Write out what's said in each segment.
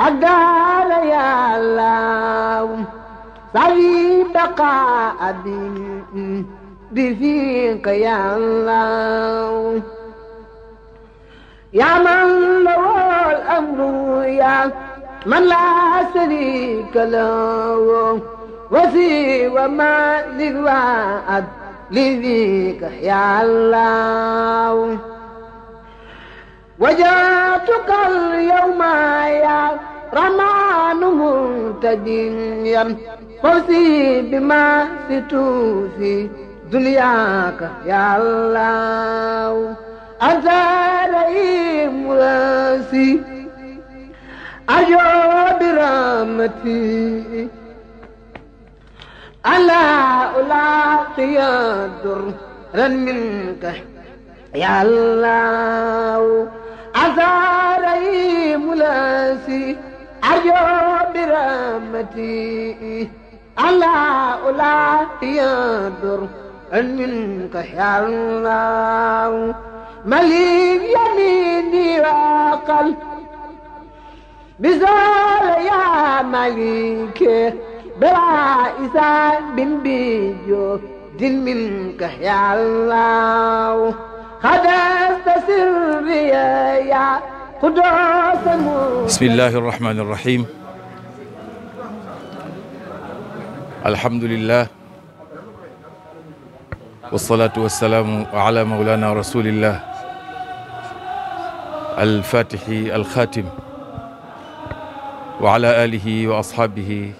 أقال يا الله صلي بقاء أبي بفيق يا الله يا من له الأمر يا من لا شريك له وسوى ما للوعد لذيك يا الله وجاتك اليوم يا رمان مهتد فوزي بما ستوفي دنياك يا الله أنت رئيم راسي أجو برامتي ألا ألاقي الدر منك يا الله أزاري ملاسي أجوا برحمتي ألا أولا يدر أن منك يا الله مليك يميني وقل بزول يا مليك بلا إسان بن بيجو دين منك يا الله خدست سري يا bismillahi irrahmani irrahim alhamdulillah wasalaatu wasalaamu ala maulana rasulillah alfatixi alxaatim wa ala alihi wa asxaabihi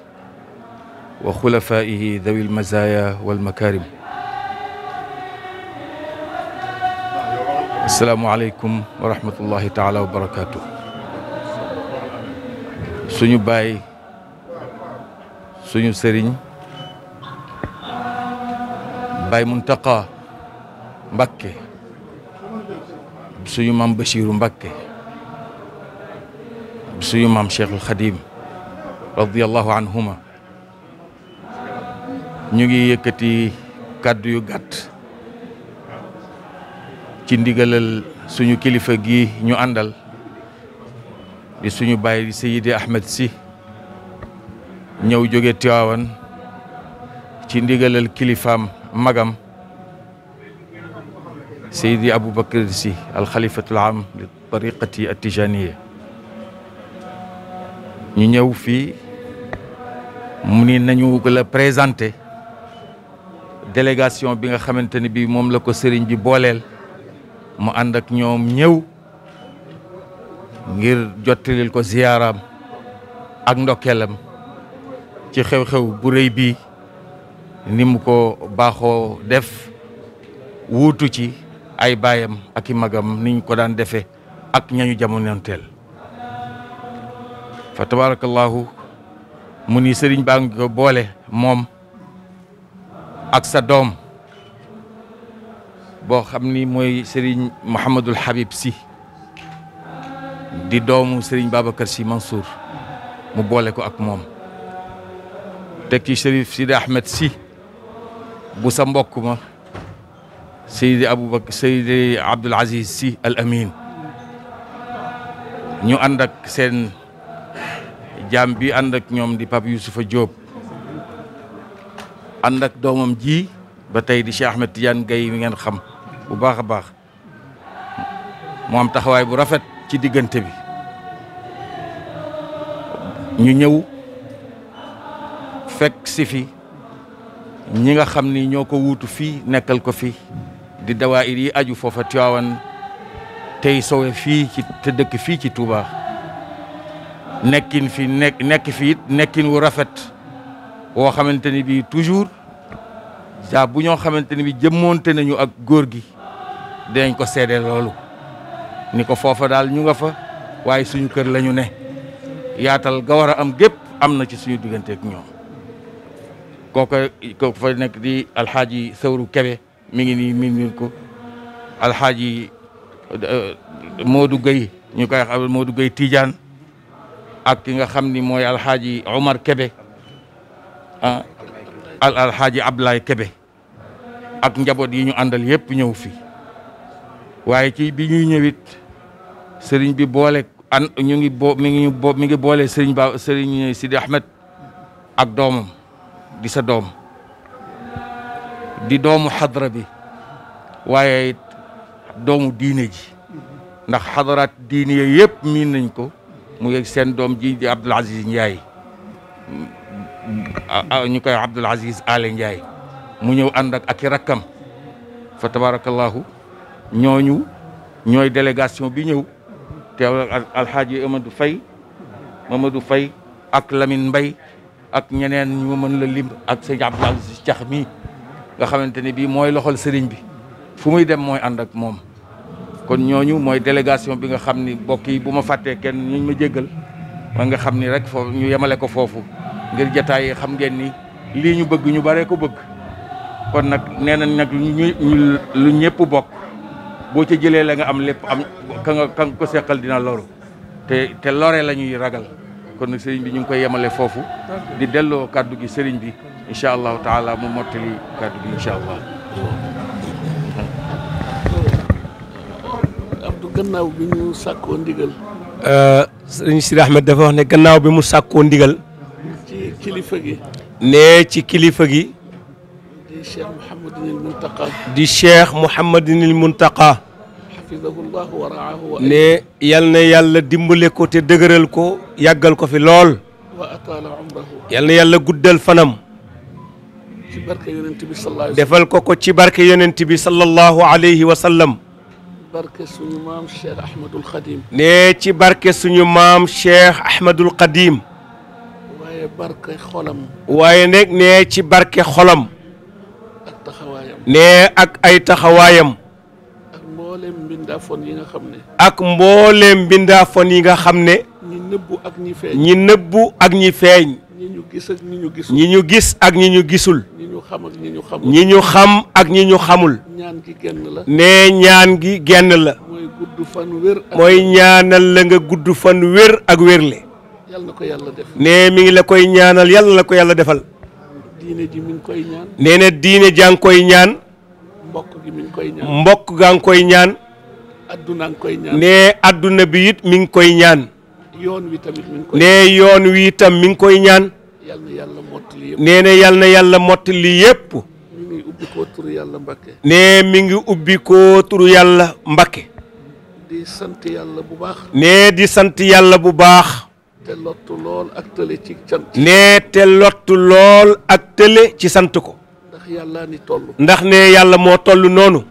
wa xulafaihi dawi almazaya walmakarim asalaamualeykum wa rahmatullahi taala wa barakaatu suñu baay suñu sëriñ baay Muntaqa Mbakke suñu maam Bachiru Mbakke suñu maam Cheikhul Khadim radiyallahu anhuma ñu ngi yëkkati kàddu yu gàtt ci ndigalal suñu kilifa gi ñu àndal di suñu baay di Ahmed Sy ñëw jóge Tiwaawan ci ndigalal kilifaam magam Seydi Aboubacar Sy alxalifatul am li tariqati atijaniya ñu ñëw fii mu ni nañu la présenté délégation bi nga xamante bi moom la ko sëriñ bi booleel mu ànd ak ñoom ñëw ngir jottalil ko ziyaaraam ak ndokkeelam ci xew-xew bu rëy bii ni mu ko baaxoo def wuutu ci ay baayam ak i magam ni ko daan defee ak ñañu jamonoonteel fa tabarakallahu mu ni sëriñ baa ngi ko boole moom ak sa doom boo xam ni mooy Serigne Mouhamadul Habib Sy di doomu Serigne Babacar Sy Mansour mu boole ko ak moom teg ci Chérif Sidi Ahmed Sy bu sa mbokk ma Seydi Aboubacar Seydi Abdoul Aziz Sy Al Amin ñu ànd ak seen jaam bi ànd ak ñoom di Pape Youssoufa Diop ànd ak doomam ji ba tey di Cheikh Ahmed Tidiane Gaye mi ngeen xam bu baax a baax moom taxawaay bu rafet ci diggante bi ñu ñëw fekk si fi ñi nga xam ni ñoo ko wuutu fii nekkal ko fi di dawaayir yi aju foofa tey sowe fii ci te dëkk fii ci Touba nekkin fi nekk nekkin wu rafet woo xamante ni bii toujours jaa bu ñoo xamante ni bi jëmmoonte nañu ak góor gi dinañ ko seede loolu ni ko foofa daal ñu nga fa waaye suñu kër lañu ne yaatal ga war a am gépp am na ci suñu diggante ñoom kooku kooku fa nekk di alxaaji sawru kebe mi ngi nii min ko alxaaji euh, Modou Gueye ñu koy xam Modou Gueye ak ki nga xam ni mooy alxaaji Omar Kebe ah al alxaaji Abdoulaye Kebe ak njaboot yi ñu àndal yëpp ñëw fi waaye ci bi ñuy ñëwit sëriñ bi boole an ñu ngi bo mi ngi boole sëriñ ba sëriñ Sidi Ahmed ak doomam di sa doom di doomu xadra bi waaye doomu diine ji ndax xadaraat diine yëpp miin nañ ko mu yegg seen doom ji di Abdoul Aziz Ndiaye ñu koy Abdoul Aziz Aly Ndiaye mu ñëw ànd ak ak i rakkam fa tabarakallahu ñooñu ñooy délégation bi ñëw teewal alxaaji Amadou Faye Mamadou fay ak lamin mbay ak ñeneen ñu mën la lim ak sëñ Abdoul Aziz Cax mii nga xamante ne bii mooy loxol sëriñ bi fu muy dem mooy ànd ak moom kon ñooñu mooy délégation bi nga xam ni mbokk yi bu ma fàttee kenn ñu ma jéggal ma nga xam ni rek foofu ñu yemale ko foofu ngir jataay yi xam ngeen ni lii ñu bëgg ñu bare ko bëgg kon nag nee nañ nag lu lu ñëpp bokk boo ci jëlee la nga am lépp am ka nga ko seqal dina loru te te lore lañuy ragal kon nag sëriñ bi ñu ngi koy yemale foofu di delloo kàddu gi sëriñ bi incha allahu taala mu mottali kàddu gi incha allah abdu gannaaw bi ñu sàkkoo ndigal euh, sëriñ Sidi dafa wax ne gannaaw bi mu sàkkoo ndigal kilifa gi. nee ci kilifa gi. di cheikh Mouhamadinil Muntaqa. di cheikh Mouhamadinil Muntaqa. xafidahullahu wa yal na yàlla dimbale ko te dëgëral ko yàggal ko fi lool. wa yal na yàlla guddal fanam. ci defal ko ko ci barke yonent bi sallallahu alayhi wa barke suñu maam cheikh Ahmadul Xadim. ci barke suñu maam cheikh waaye barke xolam. nee ci barke xolam. ak nee ak ay taxawaayam. ak mbooleem mbindaafoon yi nga xam ne. ak mbooleem mbindaafoon yi nga xam ne. ñi nëbbu ak ñi feeñ. ñi nëbbu ñu gis ak ñi ñu gisul. ñi ñu xam ak ñi ñu xamul. ñi ñaan gi genn la. nee ñaan gi genn la. mooy mooy ñaanal la nga gudd fan wér ak wérle. yàlla na ko yàlla def. nee mi ngi la koy ñaanal yàlla la ko yàlla defal. ji mi ngi koy ñaan. nee na diine jaa koy ñaan. mbokk gi koy ñaan. mbokk koy ñaan. nee adduna bi it mi ngi koy ñaan. wi tamit nee yoon wi itam mi ngi koy ñaan. yàlla na yàlla nee na yàlla na yàlla mottali yëpp. mi ngi ubbi ko yàlla Mbakke. nee mi ngi ubbi ko turu yàlla Mbakke. nee di sant yàlla bu baax. te lool ak nee te lottu lool ak tële ci sant ko. ndax yàlla ni toll. ndax ne yàlla moo toll noonu.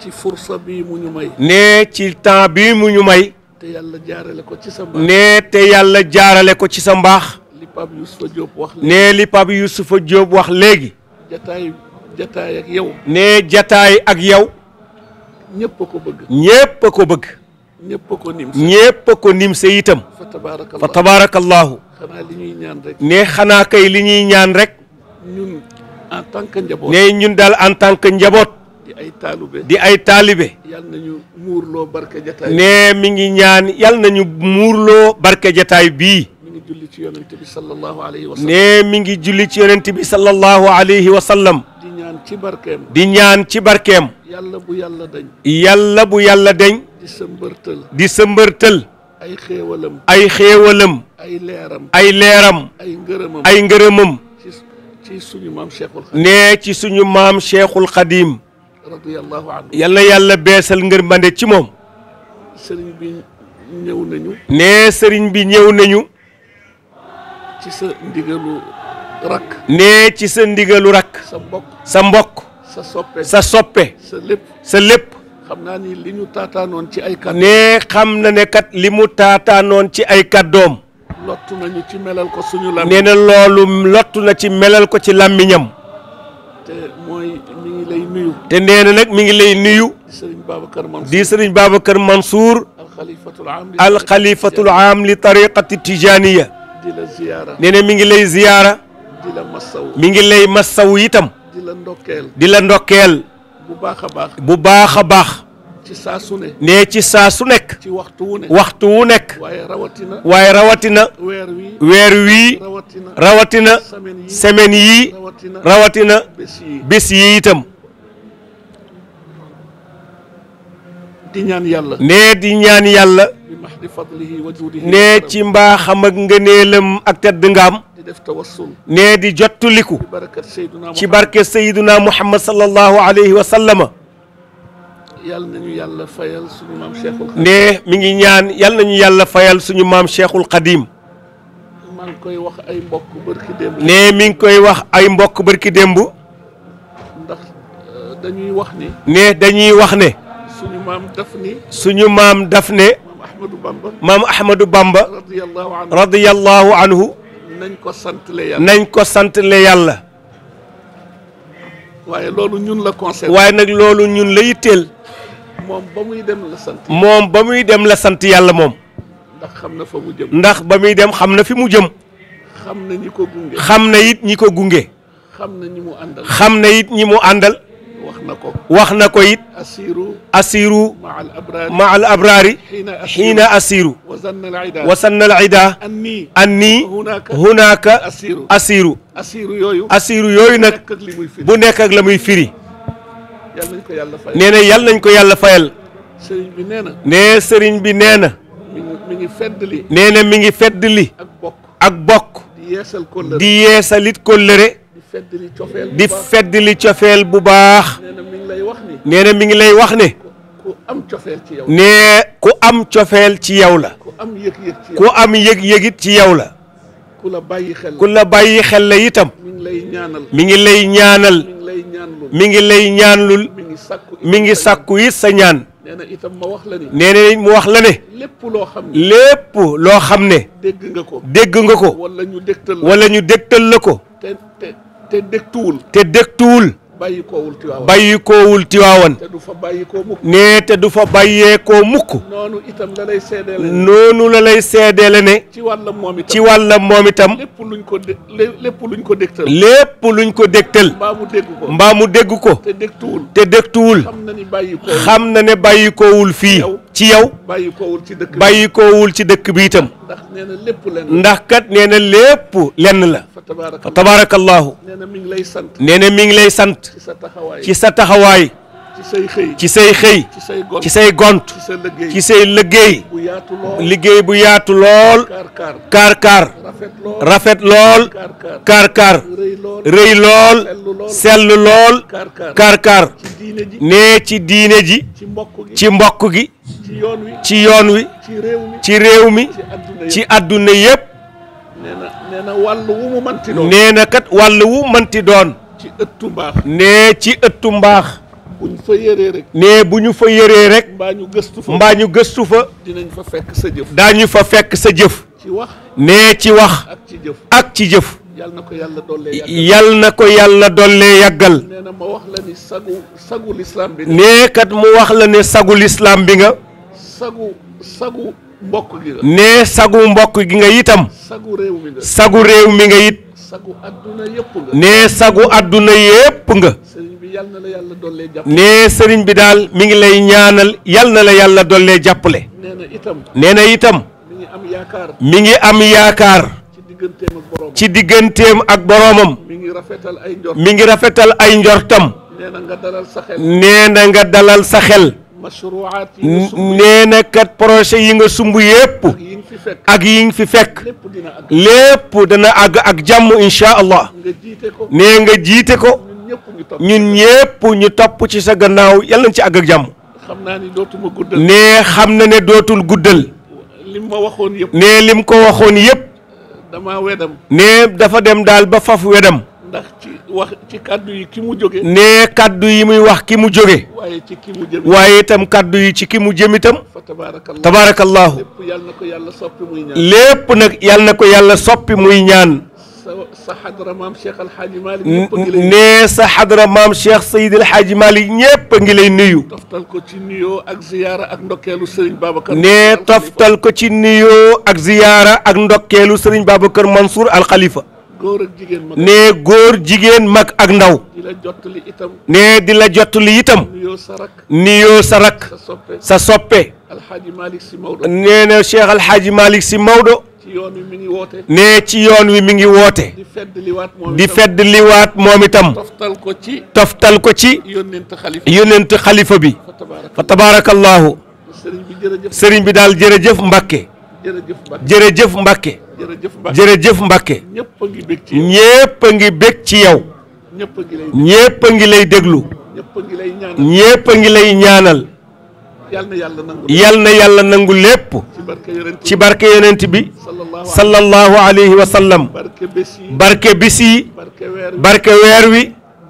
ci fursa bi mu ñu may. nee ci temps bi mu ñu may. te yàlla jaarale ko ci nee te yàlla jaarale ko ci sa mbaax. li Pape Youssoufa Diop wax. nee li Pape Youssoufa wax léegi. jataay ak yow. nee jataay ak yow. ñëpp ko bëgg. ñëpp ko bëgg. nim sa itam. fa tabaarakallaahu ne xanaa kay li ñuy ñaan rek ne ñun daal en tant que njaboot di ay taalibe ne mi ngi ñaan yal nañu muurloo barke jataay bii ne mi ngi julli ci yonent bi sallallahu alayhi sallam di ñaan ci barkeem di ci barkeem yàlla bu yàlla dañ di sëmbërtël di sëmbërtël ay xéewalam ay xéewalam ay leeram ay leeram ay ngërëmam ci suñu maam Cheikhul Xadim nee ci suñu maam Cheikhul Xadim yal na yàlla beesal ngërmande ci moom sëriñ bi ñëw nañu nee sëriñ bi ñëw nañu ci nee ci sa ndigalu rakk sa mbokk sa mbokk soppe sa soppe xam naa ci ay kàddoom xam na ne kat li mu taataanoon ci ay kàddoom lottu ci melal ko na loolu lottu na ci melal ko ci làmmiñam te mooy mi ngi lay nuyu te nee na nag mi ngi lay nuyu sëriñ Babacar Mansour di sëriñ Babacar Mansour aam li tariqati tijaniya di mi ngi lay ziyaara di mi ngi lay massaw itam di ndokkeel bu baax baax ci nee ci saa su nekk. ci waxtu wu nekk waxtu waaye rawatina. waaye weer wii weer wii. rawatina rawatina. semaine yii rawatina. bés yi itam. di ñaan yàlla. nee di ñaan yàlla. nee ci mbaaxam ak ngëneelam ak tedd ngaam. nee di jottaliku. ci barke Seydina Muhammad sallallahu alayhi wa sallama. yàlla nañu nee mi ngi ñaan yàlla ñu yàlla fayal suñu maam Cheikhul Xadim. maa ngi koy wax ay nee mi ngi koy wax ay mbokk barki démb. Euh, wax ni. nee dañuy wax ne. suñu maam daf ni. suñu maam daf ne. maam Ahmadou Bamba. maam Ahmadou Bamba. radiyallahu anhu radiyallahu anhu. nañ ko sant le yàlla nañ ko sant yàlla. waaye loolu ñun la concerné. waaye loolu ñun la yitteel. moom ba muy dem la moom ba muy dem la sant yàlla moom. ndax xam na fa ba muy dem xam na fi mu jëm. xam na ñi ko gunge. it ñi ko gunge. xam na ñi mu àndal. ñi mu àndal. wax na ko wax na ko it. asiru asiru. ma al abraari xiina asiru. wasanna al ida anni hunaaka asiru. asiru yooyu nag bu nekk ak la muy firi. nee na yàlla nañ ko yàlla fayal. sëriñ bi nee na. sëriñ bi nee na. mi ngi fedd li. mi ngi fedd li. ak bokk ak bokk. di yeesal yeesalit kóllëre. di fedd li cofeel bu baax di mi ngi lay wax ne. am cofeel ci yow. nee ku am cofeel ci yow la. ku am yëg-yëg ci yow la. ku am yëgit ci yow la ku la bàyyi xel la itam. mi ngi lay ñaanal mi ngi lay ñaanlul mi ngi sàkku it sa ñaan nee na wax la ni mu wax la ne lépp loo xam ne dégg nga ko dégg nga ko wala ñu dégtal wala ñu dégtal la ko te te te dégtuwul te dégtuwul bàyyikoowul tiwaawan bàyyikoowul tiwaawan te du fa bàyyikoo mukk nee te du fa bàyyeekoo mukk noonu itam la lay seedeele la lay seedeele ne ci wàllam moom itam ci wàllam moom itam lépp luñ ko dé lépp luñ ko dégtal lépp luñ ko dégtal mbaa mu dégg ko mbaa mu dégg ko te dégtuwul te xam na ne bàyyikoowul fii ci yow bàyyi koowul ci dëkk bi itam ndax lépp la ndax kat nee na lépp lenn la fa tabaarakallaahu nee na mi ngi lay sant ci sa taxawaay ci say xëy ci say gont ci say liggéey liggéey bu yaatu lool kaar kaar rafet lool kaar kaar rëy lool sell lool kaar kaar nee ci diine ji ci mbokk gi ci yoon wi ci réew mi ci àdduna yépp nee na wu mënti doon nee ci ëttu mbaax bu ñu rek. nee bu ñu fa yëree rek. mbaa ñu gëstu fa mbaa ñu gëstu fa. dinañ fa fekk sa jëf. daañu fa fekk sa jëf. ci wax nee ci wax. ak ci jëf ak ci jëf. yal na ko yàlla dollee yàggal yal na ko yàlla dollee yàggal. nee na ma wax la ni bi. nee kat mu wax la ne sagu lislaam bi nga. sagu sagu mbokk nee sagu mbokk gi nga itam. sagu réew mi nga sagu réew mi nga it. sagu adduna nee sagu adduna yëpp nga. nee sëriñ bi daal mi ngi lay ñaanal yal na la yàlla dollee jàppale. nee na itam. mi ngi am yaakaar. ci digganteem ak boroomam. mi ngi rafetal ay njortam. nee na nga dalal sa xel. nee na kat projet yi nga sumb yépp ak yi nga fi fekk lépp dana àgg ak jàmm incha nee nga jiite ko. ñun ñëpp ñu topp ci sa gannaaw yàlla nañ ci àgg ak jàmm. xam naa ni dootuma xam na ne dootul guddal. lim ma waxoon lim ko waxoon yëpp. damaa wedam. dafa dem daal ba faf wedam. ndax ci wax kàddu yi mu jóge. nee kàddu yi muy wax ki mu jóge. waaye itam kàddu yi ci ki mu jëmitam itam. tabaarakallahu lépp yàlla yàlla soppi muy ñaan. nag yàlla ko yàlla soppi muy ñaan. sa xadra maam Cheikh El Hadj Cheikh Seydi El ñëpp a ngi lay nuyu. toftal ko ci nuyoo ak ziyaara ak ndokkeelu Serigne Babacar. nee toftal ko ci nuyoo ak ziyaara ak ndokkeelu Serigne Babacar Mansour Al Khalifa. góor ak jigéen mag ak ndaw. di la jottali itam. nee di la jottali itam. nuyoo sa rakk. nuyoo sa ne ci yoon wi mi ngi woote. di fedd liwaat moom itam. toftal ko ci. toftal ko ci. yónneent xalifa bi. fa tabaarakallaahu. sëriñ bi daal jërëjëf Mbacke. jërëjëf Mbacke. jërëjëf Mbacke. ñépp a ngi bég ci yow. ñépp ngi lay déglu. ñépp ngi lay ñaanal. yal na yàlla nangu lépp. ci barke yonent bi. sallallahu alayhi wa sallam barke bis yi barke weer wi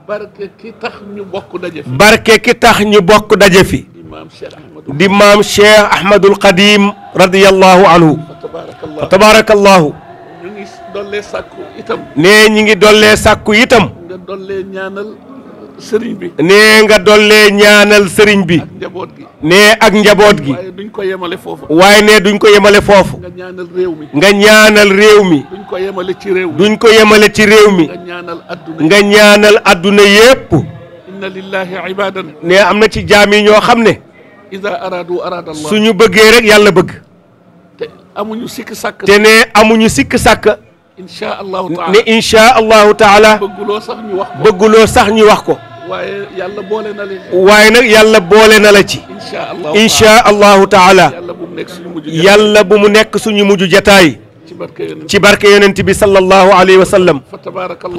barke ki tax ñu bokk daje fi barke ki tax di maam Cheikh Ahmadul Qadim radiyallahu anhu tabaarakallahu ne ñu ngi dollee sàkku itam. sëriñ bi. nee nga dollee ñaanal sëriñ bi. ak njaboot gi. nee ak njaboot gi. waaye duñ ko yemale foofu. waaye nee duñ ko yemale foofu. nga ñaanal réew mi. nga ñaanal réew mi. duñ ko yemale ci réew mi. ko yemale ci réew mi. nga ñaanal adduna nga ñaanal adduna yépp. inna lillahi ibadan. nee am na ci jaam yi ñoo xam ne. ida aradu arada suñu bëggee rek yàlla bëgg. te amuñu sikk sàkk. nee amuñu sikk sàkk. incha allahu taala ne incha allahu taala. sax ñu bëgguloo sax ñu wax ko. waaye yàlla boole na waaye nag yàlla boole na la ci. incha allahu taala yàlla bu mu nekk suñu mujj jataay. ci barke yonent bi sallallahu alayhi wa sallam.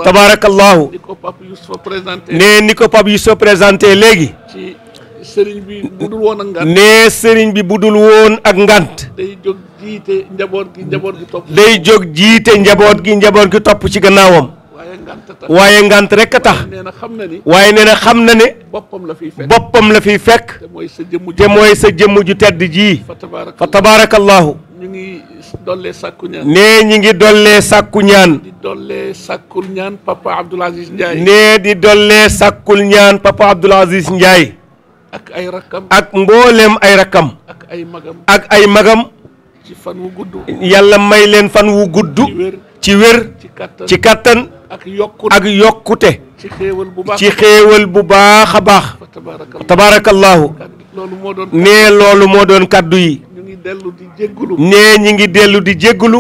tabaarakallahu nee ni ko Pape Youssou présenté léegi. sëriñ bi budul woon ak ngant nee sëriñ bi budul woon ak ngant. day jóg jiite njaboot gi jiite njaboot gi njaboot gi topp ci gannaawam. waaye ngant rek a tax waaye nee na xam na ne boppam la fi fekk te mooy sa jëmm ju tedd jii fa tabaarakallaahu nee ñi ngi dollee sàkku ñaan nee di dollee sàkkul ñaan papa Abdoul Aziz Ndiaye ak ay rakkam ak mbooleem ay rakkam ak ay magam yàlla may leen fan wu gudd ci wér ci kàttan ak yokkute ak yokkute. ci xéewal bu baax ci xéewal bu baax a baax. tabaarakallaahu nee loolu moo doon kàddu yi. nee ñi ngi dellu di jéggulu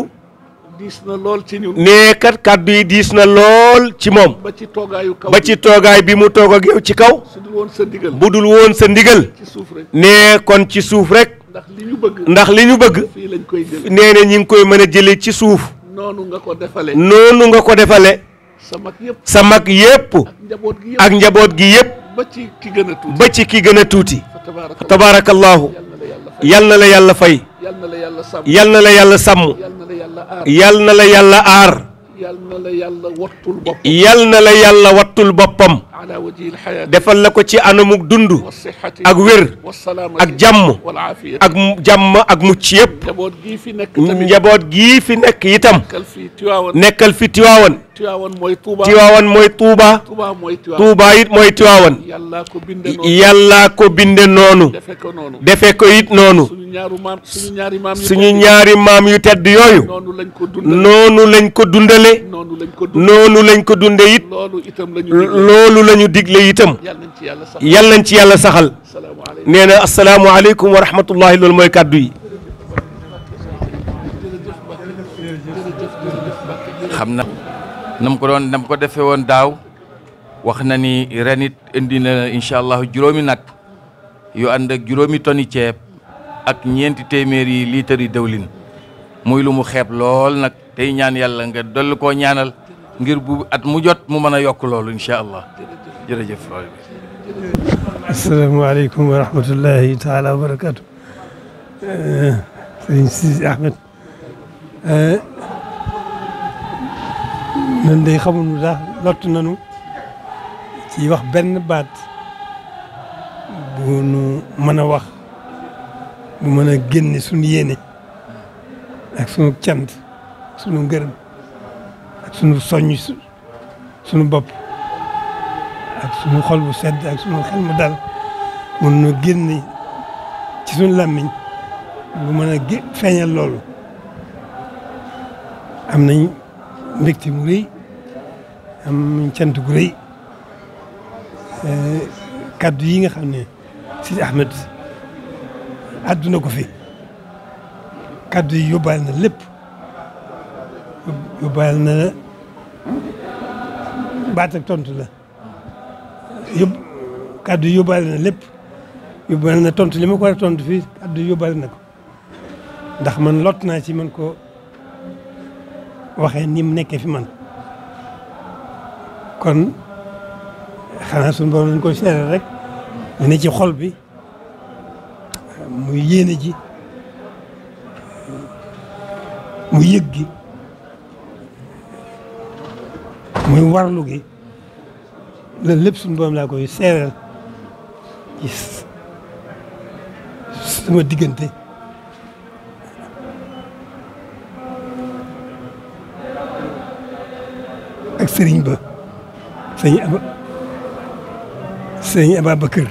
diis na lool ci ñun. nee kàddu yi diis na lool ci moom. ba ci toogaayu kaw toogaay bi mu toog ak yow ci kaw. dul woon sa ndigal bu dul woon sa ndigal. nee kon ci suuf rek. ndax li ñu bëgg. ndax li nee na ñu ngi koy mën a jëlee ci suuf. noonu nga ko defale noonu nga ko defale sa mag yëpp sa mag yëpp ak njaboot gi yëpp ba ci ki gën a tuuti ba ci ki gën a tabaarakallaahu yal na la yàlla fay yal na la yàlla sàmm yal yàlla aar yal na la yàlla wattul boppam yal na la yàlla wattul boppam defal la ko ci anamuk dund ak wér ak jàmm ak jàmm ak mucc yëpp njaboot gii fi nekk itam nekkal fi tiwaawan Tiwaawan mooy Touba Tiwaawan mooy Touba. mooy Tiwaawan Touba ko binde noonu yàllaa ko binde noonu. defe ko noonu noonu. suñu ñaari maam yu. tedd yooyu. noonu lañ ko dundale noonu lañ ko dunde noonu loolu itam lañu digle loolu lañu digle itam. yàlla nañ ci yàlla saxal yàlla nañ ci yàlla saxal. nee na loolu mooy kàddu yi. nam ko doon nam ko defee woon daaw wax na ni ren it indi na incha allah juróomi nag yu ànd ak juróomi toni ceeb ak ñeenti téeméeri litre yi dëwlin muy lu mu xeeb lool nag tey ñaan yàlla nga dolli ko ñaanal ngir bu at mu jot mu mën a yokk loolu incha allah jërëjëf. asalaamaaleykum wa rahmatullahi taala wa barakaatu. Eh, sëñ Sidi Ahmed. Eh, nan day xamuñu sax lott nañu ci wax benn baat bu nu mën a wax bu mën a génne suñu yéene ak suñu cant suñu ngërëm ak suñu soññ suñu bopp ak suñu xol bu sedd ak suñu xel mu dal mun nu génne ci suñu làmmiñ bu mën a feeñal loolu am nañ mbégte mu rëy am cant gu e, yi nga xam ne Sidi Ahmed àdduna ko fi kaddu yobal na lépp yóbbaale na la tontu la yób kaddu yi yóbbaale na lépp yóbbaale na tontu li ma ko war a tontu na ko ndax man lot naa ci man ko waxee nim mu nekkee fi man. kon xanaa suñu borom dañ koy seeral rek mu ne ji xol bi muy yéene ji mu yëg gi muy warlu gi loolu lépp suñu borom laa koy seeral ci diggante ak sëriñ ba sëñ Aba sëñ Ababacar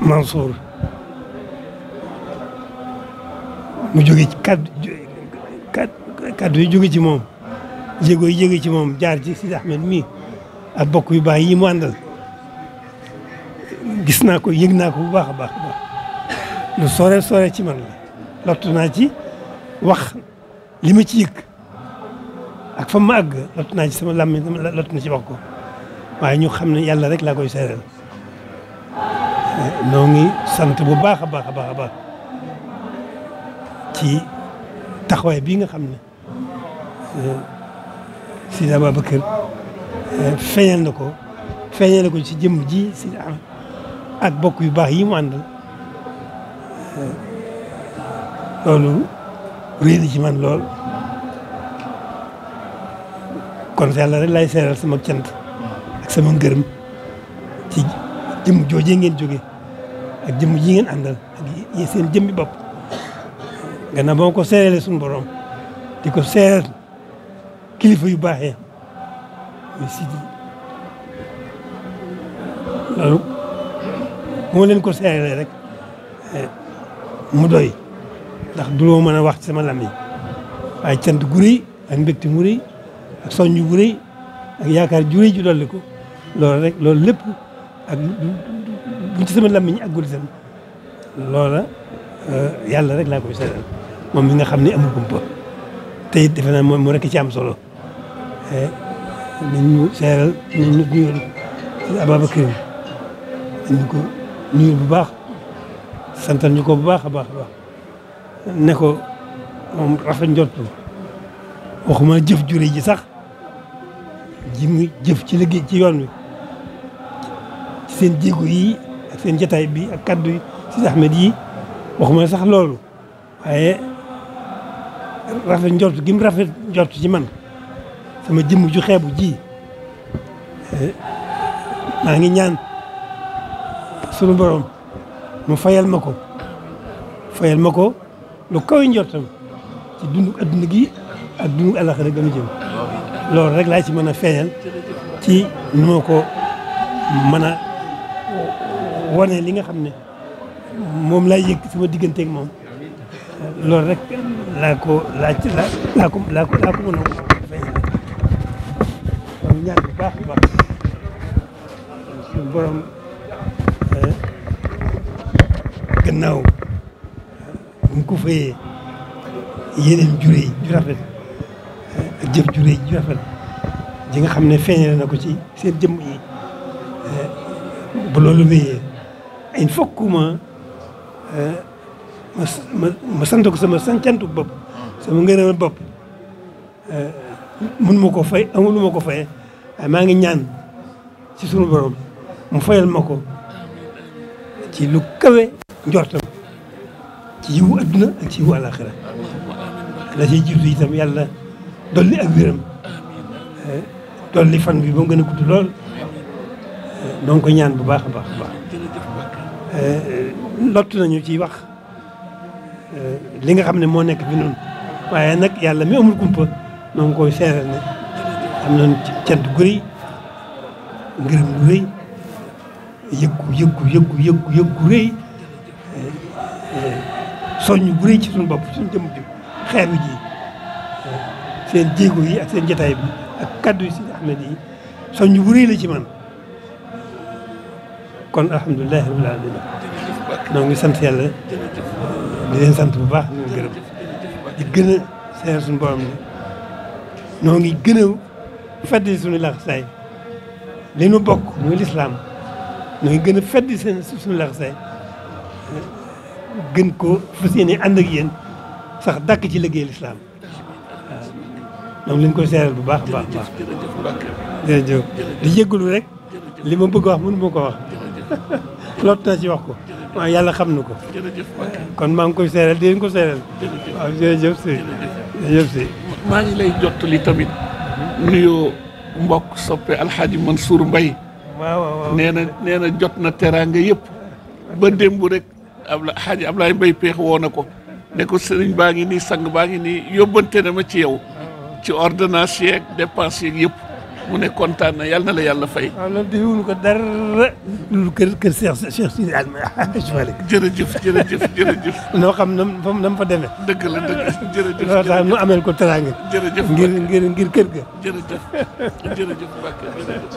Mansour mu jóge ci kaddu yi jóge ci moom jéego yi jóge ci moom jaar ci Sidi Ahmed mii ak bokk yu baax yi mu àndal gis naa ko yëg naa ko bu baax a baax baax lu ci man la naa ci wax li ci yëg ak fa mu ma àgg lot naa ci sama làmmiñ lot na ci wax ko ñu xam ne yàlla rek laa koy seereel noo ngi sant bu baax a baax a baax a baax ci taxawaay bii nga xam ne eh, Sidi Ababacar eh, feeñal na ko feeñal na ko ci jëm ji si ak bokk yu baax yi mu àndal eh, loolu réer ci man lool kon yàlla rek laay seeral sama cant ak sama ngërëm ci jëmm joojee ngeen jóge ak jëmm ji ngeen àndal ak seen jëmmi bopp gannaaw ba ma ko seeralee suñu borom di ko seeral kilifa yu baaxe mais si loolu moo leen ko seeralee rek eh, mu doy ndax du loo mën a wax sama lam yi waaye cant gu rëy ak mbégte mu ak soññ bu rëy ak yaakaar ju rëy ju dolli ko loolu rek loolu lépp ak buñ ci sama lammiñ ak guddi tam loola euh, yàlla rek laa koy seetal moom mi nga xam ne amul kumpa te it defe naa moom moo rek ci am solo eh, nañ ñu seeral nañ ñu nuyul Ababacar dañ ko nuyul bu baax santal ñu ko bu baax a baax a ne ko moom rafet njortu waxuma jëf jure ji sax ji jëf ci liggéey ci yoon wi ci seen jéego yi ak seen jataay bi ak kaddu yi si Ahmed yi waxuma sax loolu waaye rafet njort gi rafet njort ci man sama jëmm ju xeebu ji eh, maa ngi ñaan sunu borom mu fayal ma ko fayal ma ko lu kaw njortam ci dundu adduna gi ak dund alaxira gën a jëm loolu rek laa ci mën a feeñal ci nu ko mën a wane li nga xam ne moom laa yëg sama digganteeg moom loolu rek laa ko laa ci ko laa a feeñal kon ñaan bu baax a baax suñu eh, gannaaw bu ñu ju rafet ak jëf ju rëy ji nga xam ne feeñale na ko ci seen jëmm yi bu loolu wéyee il faut que ma ma ma sant ko sama sancantu bopp sama ngërëm bopp mun ma ko fay amul ko fay maa ngi ñaan ci sunu borom mu fayal ma ko ci lu kawe njortam ci yiwu adduna ak ci yiwu àlaxira la ciy jiitu itam yàlla dolli ak wéram dolli fan bi ba mu gën a lool doo ñaan bu baax baax a baax lott nañu ci wax li nga xam ne moo nekk fi noonu waaye nag yàlla mi amul kumpa noo ngi koy seeral ne am nañu cant gu rëy ngërëm lu rëy yëggu yëggu yëggu yëggu yëggu rëy soññ gu ci suñu bopp suñu jëm jëm xeeru ji seen jéego yi ak seen jataay bi ak kaddu yi si Ahmed yi soññ bu rëy la ci man kon alhamdulilah rabbil alamin noo ngi sant yàlla di leen sant bu baax di leen gërëm di gën a seer suñu borom ni noo ngi gën a feddi suñu laxasaay li nu bokk muy lislaam noo ngi gën a feddi seen suñu laxasaay gën ko fas yéene ànd ak yéen sax dàkk ci liggéey lislaam ñoom lañ koy seeral bu baax a baax baax jërëjëf di jégalu rek li ma bëgg wax mënu ma ko wax lott na ci wax ko waaw yàlla xam na ko kon maa ngi koy seeral di ko seeral maa ngi lay jottali tamit nuyoo mbokk soppe alxaaji Mansour suur mbay waaw nee na nee jot na teraanga yëpp ba démb rek abla xaaji Ablaye Mbaye peex woo na ko ne ko sëriñ baa ngi nii sang baa ngi nii yóbbante na ma ci yow ci ordonnance yeeg dépense yeeg yëpp mu ne kontaan na yàlla na la yàlla fay. waaw loolu defe wuñu ko dara. loolu kër kër Cheikh Cheikh Sidi Alioune. jërëjëf jërëjëf jërëjëf. noo xam nam fa nam fa demee. dëgg la dëgg jërëjëf loolu tax nu ameel ko teraanga. jërëjëf ngir ngir ngir kër ga. jërëjëf jërëjëf Mbacke jërëjëf.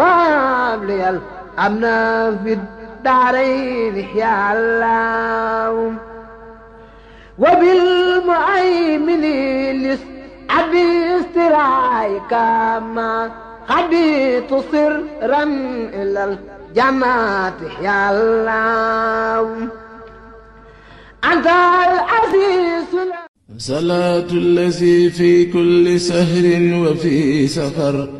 وابلي الأمن في الدارين يا الله وبالمؤمن لس أبي استرايك ما خبيت سرا إلى الجماعة يا الله أنت العزيز صلاة الذي في كل سهر وفي سفر